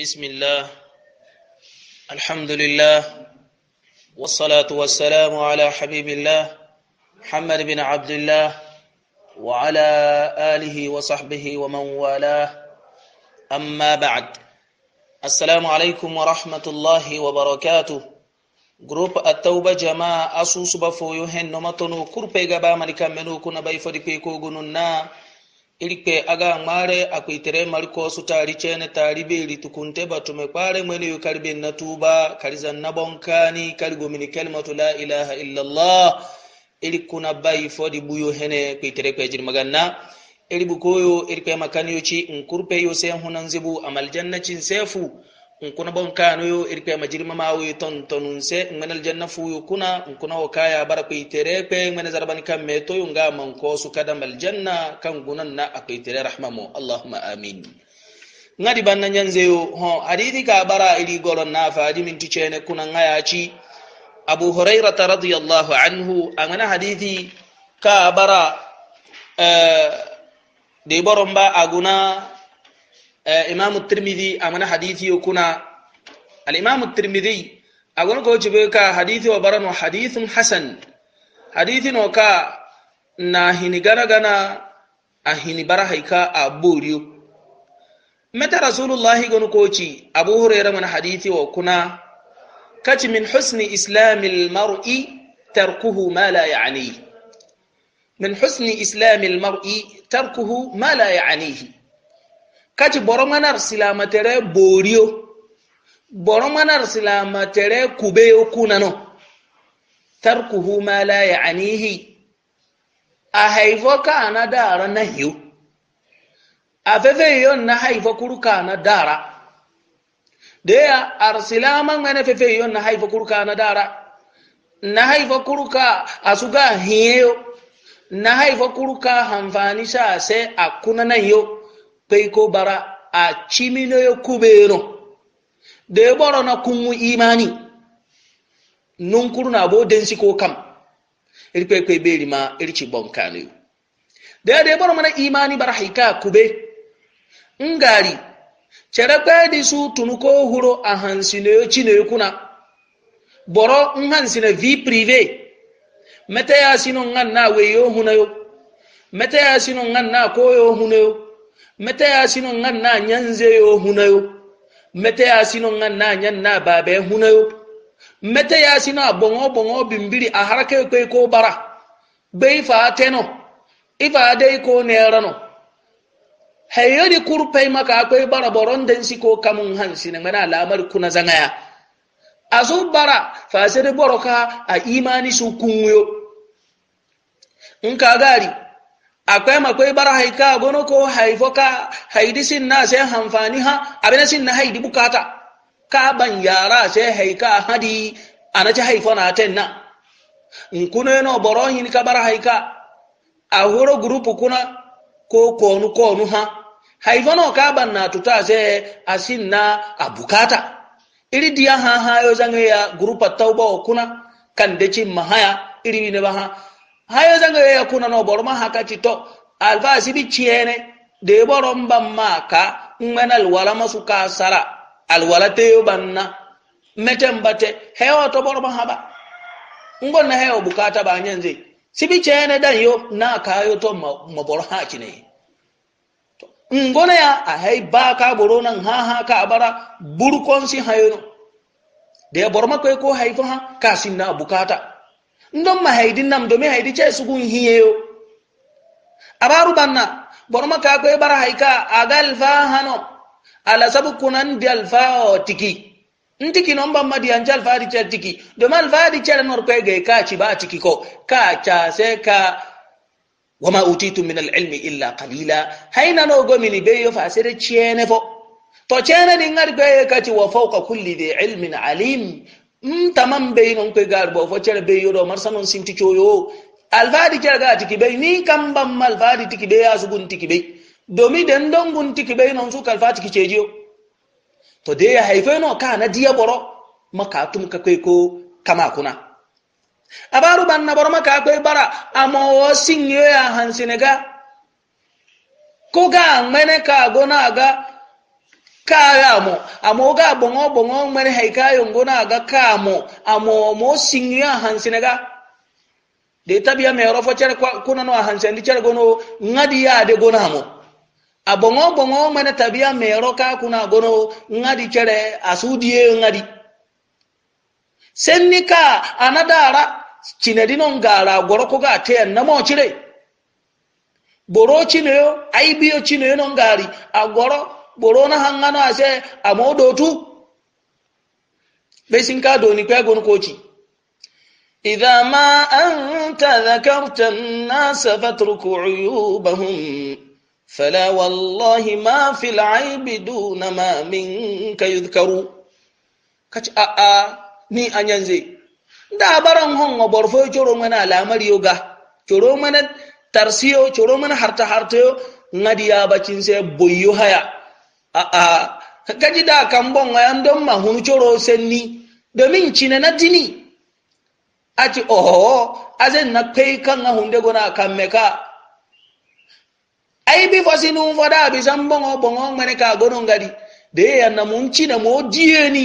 بسم الله الحمد لله والصلاة والسلام على حبيب الله محمد بن عبد الله وعلى آله وصحبه ومن والاه أما بعد السلام عليكم ورحمة الله وبركاته جروب التوبة جماعة أسوس بفويهن نمتنو كربي غبا ملكا منو كنا بيفو دي بيكو غنونا ilike aga mare akuitere mariko su tari chene tari beri tukunte batume kware mwene yu karibe na kariza nabonkani kari gomini kalimatu la ilaha illallah iri kuna bayi fodi buyo hene kuitere kwe jirmaganna iri bukoyo iri kwe makani yuchi nkurupe yo huna hunanzibu amal jannacin sefu nkuna bon kanu yo irpe majirma ma wi ton tonunse ngmenal janna fu yo kuna nkuna o kaya bara ko itere pe ngmen zarban kam me to yo ngama ko su kada mal janna kan gunan na akaitere rahmamo allahumma amin ngadi banna nyanze yo ho hadithi ka bara ili goron na faji min ticene kuna ngaya ci abu hurairata radiyallahu anhu angana hadithi ka bara eh de boron ba aguna imam tirmidhi amana hadithi kuna al imam tirmidhi agon go jibe ka hadithi wa barano hadithun hasan hadithi no ka na hini gana gana a hini bara haika a boriyo mata rasulullahi gonu koci abu hurairah mana hadithi wa kuna kaci min husni islamil mar'i tarkuhu ma la ya'nihi min husni islamil mar'i tarkuhu ma la ya'nihi kati boro manar silamatere borio boro manar silamatere kubeyo no, tarkuhu ma la ya'nihi a haifo kana dara na hiyo a fefe yon na haifo kuru ka na dara da ya arsilaman ngane fefe yon na haifo kuru kana dara na haifo kuru ka a asuga hiyo na haifo kuru ka hanfani sa se a kuna na hiyo ko bara a ciminoyo kubeno da ya boro na kunwu imani nunkuru na bo densi ko kam irkwekwe beri ma irci bonkanu de ya da ya boro mana imani bara hika kube ngari chere di su tunuko huro a hansinayo cinayo kuna boro nhansina vi prive mete ya sino ngan na huna yo mete ya sino ngan na huna yo. mete ya sino ngan na nyanze yo hunayo mete ya sino ngan na nyan na babe hunayo mete ya sino abongo bongo bimbiri a harake ko ko bara bai fa teno ifa dai ko ne rano hayori kurpai maka akwai bara boron dan si ko kamun hansi ne mana lamar kuna zangaya azu bara fa sai boroka a imani su kunyo in ka gari akwai makwai bar haika gono ko haifo ka haidi sin na sai hamfani ha abin sin na haidi bukata ka ban yara sai haika hadi anaci haifo na ten na nkuna yana oboro ka bar haika a horo gurupu kuna ko konu konu ha haifo na ka ban na tuta sai asin na abukata iri diya ha ha yo zange ya grupa tauba kuna kan deci mahaya iri ne ba ha hay ozanga yo yakunano boroma hakati to alfa asibi ciyene de boromba maka ŋmena alwala masuka sara alwala teyo banna meten bate heyo to boroma haba ŋgonna heyo bukata banyenze sibi ciyene dan yo nakayo to maboro hacine ŋgona ya ahay baka boronan hahaka abara burkonsi hayono de boroma kweko hayfo ha kasinna bukata ndon ma haydi nam domin haydi ce sugun hiyeyo abaru banna borma ka ko bara hayka agal fa hano ala sabu kunan di alfa o tiki ntiki non ma di anjal fa di tiki domin fa di cer nor ko ge ka ci ba tiki ko ka ca se ka wama utitu min ilmi illa qalila hayna no gomini be yo fa re chene fo to chene ni ngar be ka ci wa fawqa kulli di ilmin alim ntaman bei non kwe gar bo fo cere bei yodo mar sanon sinti choyo alvadi cere ga tiki bei ni kambam malvadi tiki bei azugun tiki bei domi den don gun tiki bei non su kalfa tiki chejiyo to de ya haife no ka na diya boro maka tum ka kwe ko kama kuna abaru ban na boro maka kwe bara amawo singe ya hansinega ko ga mene ka gona ga bong'o, amoga boŋo boŋo ŋmene haikayongona aga kaamo amomo siŋyo a hansinega de tabiya mero fo cere kunano a hansendi cere gono ŋadi yade amo? Abong'o bong'o boŋo ŋmene tabiya mero ka kuna gono ŋadi asudi e ngadi senika ka ana dara no gara goro te na mo chire boro cineyo aibiyo cineyo non no ngari, goro borona hangano ase amo dotu be sinka doni pe gon koci إذا ما أنت ذكرت الناس فاترك عيوبهم فلا والله ما في العيب دون ما منك يذكر كتش آآ ni anyanze da baran hongo borfo choro mana alamar yoga choro mana tarsiyo choro mana harta harta yo ngadi ya sai boyo haya a'a kaji da kan bon an don ma hunu coro senni domin cine na dini ati oho zai na kai kan na hunde gona kan ka. ai bi fasinu fada bi san bon bon ngene ka gonon gadi da ya na mun cine mo diye ni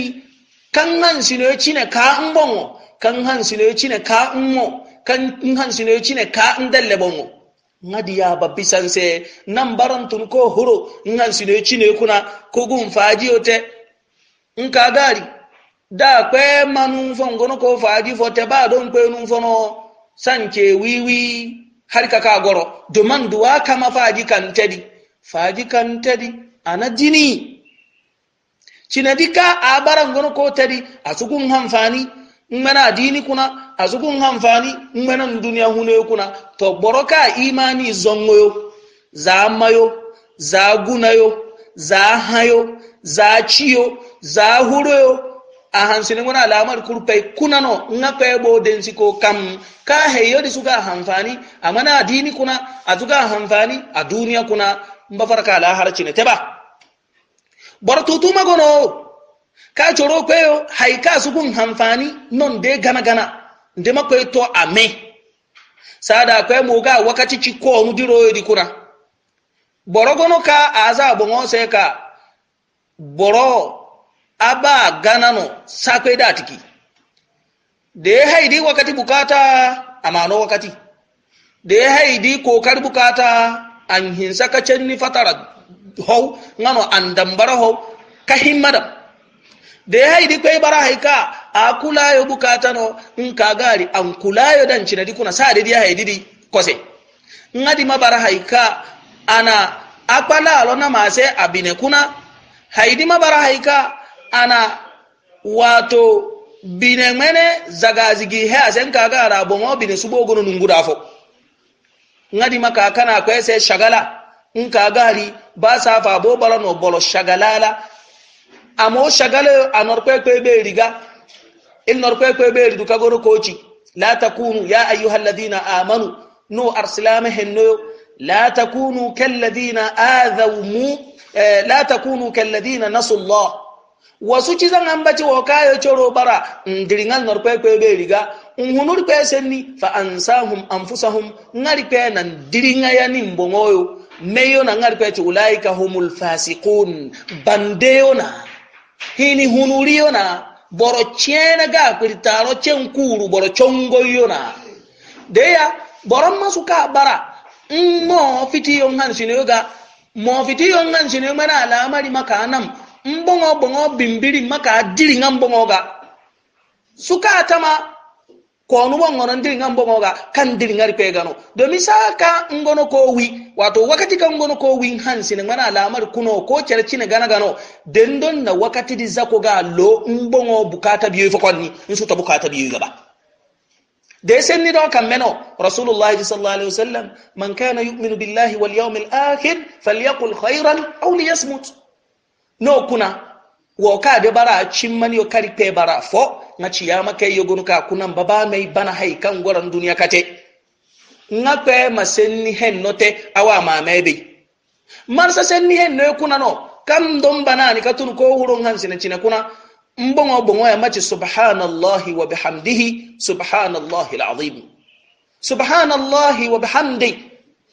kan han sino e cine ka an bon kan han sino e cine ka an mo kan han sino e cine ka an dalle bon ngadiya babbi sanse nan barantun ko huro ngan sine chine kuna ko gun faji ote nka gari da kwe manu gono ko faji fote ba don kwe nun fono sanke wiwi har ka ka goro man duwa kama faji kan tedi faji kan tedi ana jini cine dika a barangono ko tedi a sukun hamfani mana dini kuna azugun hanfani menan duniya hune kuna to boroka imani zongoyo za mayo za gunayo za hayo za ciyo za huroyo a hansini muna alamar kurpai kuna no nga densi ko kam ka heyo di suka hanfani amana adini kuna azuga hanfani a duniya kuna mbafarka ala harcine teba bar tutuma magono ka coro kweyo haika sugun hanfani non de gana gana ndema kweto ame sada kwe muga wakati chiko mujiro yedi kuna borogono ka aza bongo sai ka boro aba ganano sakwe datiki da ya haidi wakati bukata a mano wakati da ya haidi kokar bukata an hinsa ka ni fatara hau ngano an dambara hau ka himmadam da ya haidi kwai bara haika akulayo bukatano nkagali ankulayo dancinadi kuna sadediya haydidi kose ngadi mabara hayka ana na. namase abine kuna haydi mabara hayka ana wato bine ŋmene zagazigi he asen kagara boŋo bine subogono nunguda fo ngadi maka kana kwese shagala nkagari basafa bo no bolo shagalala amo shagala anor kwekwe be riga in kwe kwe ɓeeri du kagoro koci la takunu ya ayuha alladina amanu no arsilama hennoyo la takunu kalladina adhaw mu la takunu kalladina nasu llah wasu cizan ambaci wo kayo coro bara ndiringal nor kwe kwe ɓeeri ga nhunuri kwe senni fa ansahum anfusahum ngari kwe nan diringayani mbongoyo meyona ngari kwete ulaika humul fasiqun bandeona hini hunuriona boro chena ga kwitano chenkuru boro chongo yona deya boro masuka bara mo fiti yon han sine ga mo n yon han sine ala alamari maka nam mbongo bongo bimbiri maka adiri ngam bongo ga suka tama konu nga ndiringa mbomoga kan ndiri ndiringari pegano do misaka ngono ko wi wato wakati kan ngono ko wi hansi ne mana alamar kuno ko cerci ne gana gano dendon na wakati di zako ga lo mbongo bukata biyo fokonni nsu to bukata biyo gaba da sen ni don kan meno rasulullahi sallallahu alaihi wasallam man kana yu'minu billahi wal yawmil akhir falyaqul khairan aw liyasmut no kuna wo ka de bara chimmani yo kari pe bara fo nga ciyama kay yogonu ka kunan baba mai bana hay kan goran duniya kate nga kwe masenni hen note awa mamebe marsa senni hen no kuna no kam don ka tun ko wurin hansine cine kuna mbongo bongo ya mace subhanallahi wa bihamdihi subhanallahi alazim subhanallahi wa bihamdi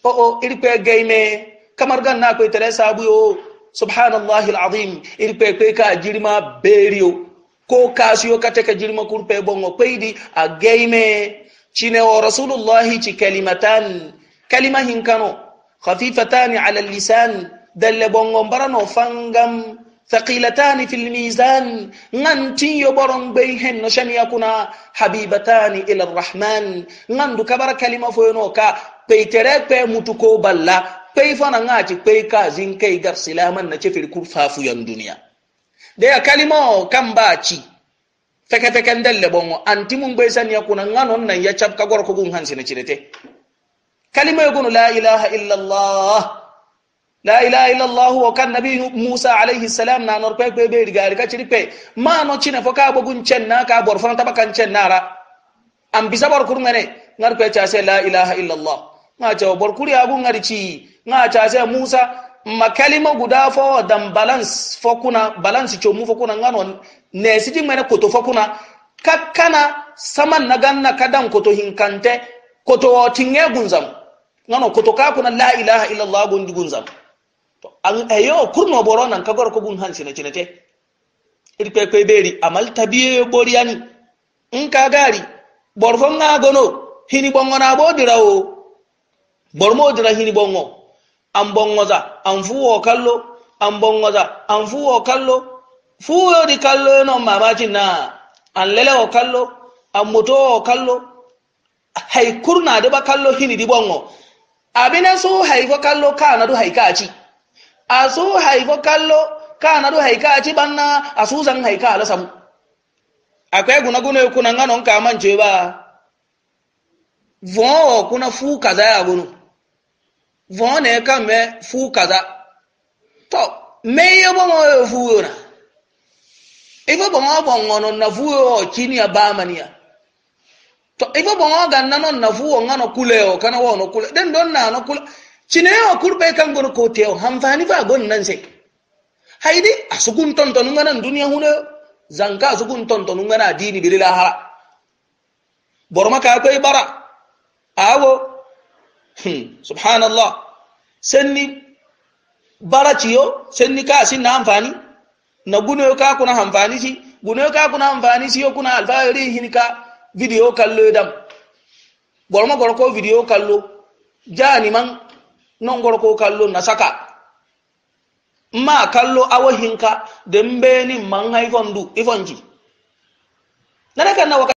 o oh, o oh, irpe gaime kamar gan na kwe tere sabu yo subhanallahi alazim irpe kwe ka jirma beriyo ko kasiyo kate ka jirma kurpe bongo kweydi a chine cinewo rasulullahi chi kalimatan kalima hinkano hafifatani ala lisan dalle bongo mbarano fangam ثقيلتان في الميزان ننتي يبرن بيهن نشن يكونا حبيبتان إلى الرحمن نندو كبر كلمة فينوكا بيترك بي متكو بلا بي فانا ناتي بي كازين كي غر سلاما الكوفة في الدنيا de ya kalima o ba ci feke feke ndelle bongo anti mun gbe ya kuna ngano nan ya chapka gor ko gun hansi na cirete kalima yugunu la ilaha illallah allah la ilaha illa wa kan nabi musa alaihi salam na nor pe be riga riga ci cirpe ma no cine fo ka bogun cenna ka bor fon tabakan ra am bisa bor kurngane ngar pe cha se la ilaha illa allah cha bor kuri agun ngari ci nga cha se musa makalima guda fo dan balance fo kuna balance chomu fo kuna ngano ne siji mene koto fo kuna kakkana saman na ganna kadan koto hinkante koto tinge gunzam ngano koto ka kuna la ilaha illa allah gundi gunzam to an ayo kurno boro nan kagor ko gun hansi na cinete irpe ko beri amal tabiye boriyani in ka gari borfon ngagono hini bongo na bodirawo bormo dira hini bongo an bongoza an fuwo kallo an bongoza an fuwo kallo fuwoyodi kallo non mamaki na an lelewo kallo an mutowo kallo hay kurnade ɓa kallo hinidi bongo abine so hayfo kallo kanadu haykaci a so hayfo kallo kanadu haykaci aso a susan haykala samu akwai gunagunoyi kunan ganon kamanceɓa vowo kuna fu kaza ya gunu vone mɛ fu kaza to meye bomo fuyo na ifo e bomo ŋɔnɔ na fu fuyo chini ya bamania to ifo e bomo ga non na fu ŋanɔ ngano kuleo kana wono kule den don na no kule chine yo kurbe kan gono koteo hamfani fa gon nan se haidi asugun tontonu ngana duniya hune zanka asugun tontonu ngana dini bilila hala boroma ka koy bara awo Hmm. subhanallah senni baraciyo senni ka na amfani na gunoyo ka kuna amfani si gunoyo ka kuna amfani si yo kuna alfayori hinika video kallo dam gorma gorko video kallo jani man non gorko kallo na saka ma kallo awahinka dembe ni man haifon du ifonji nana kan na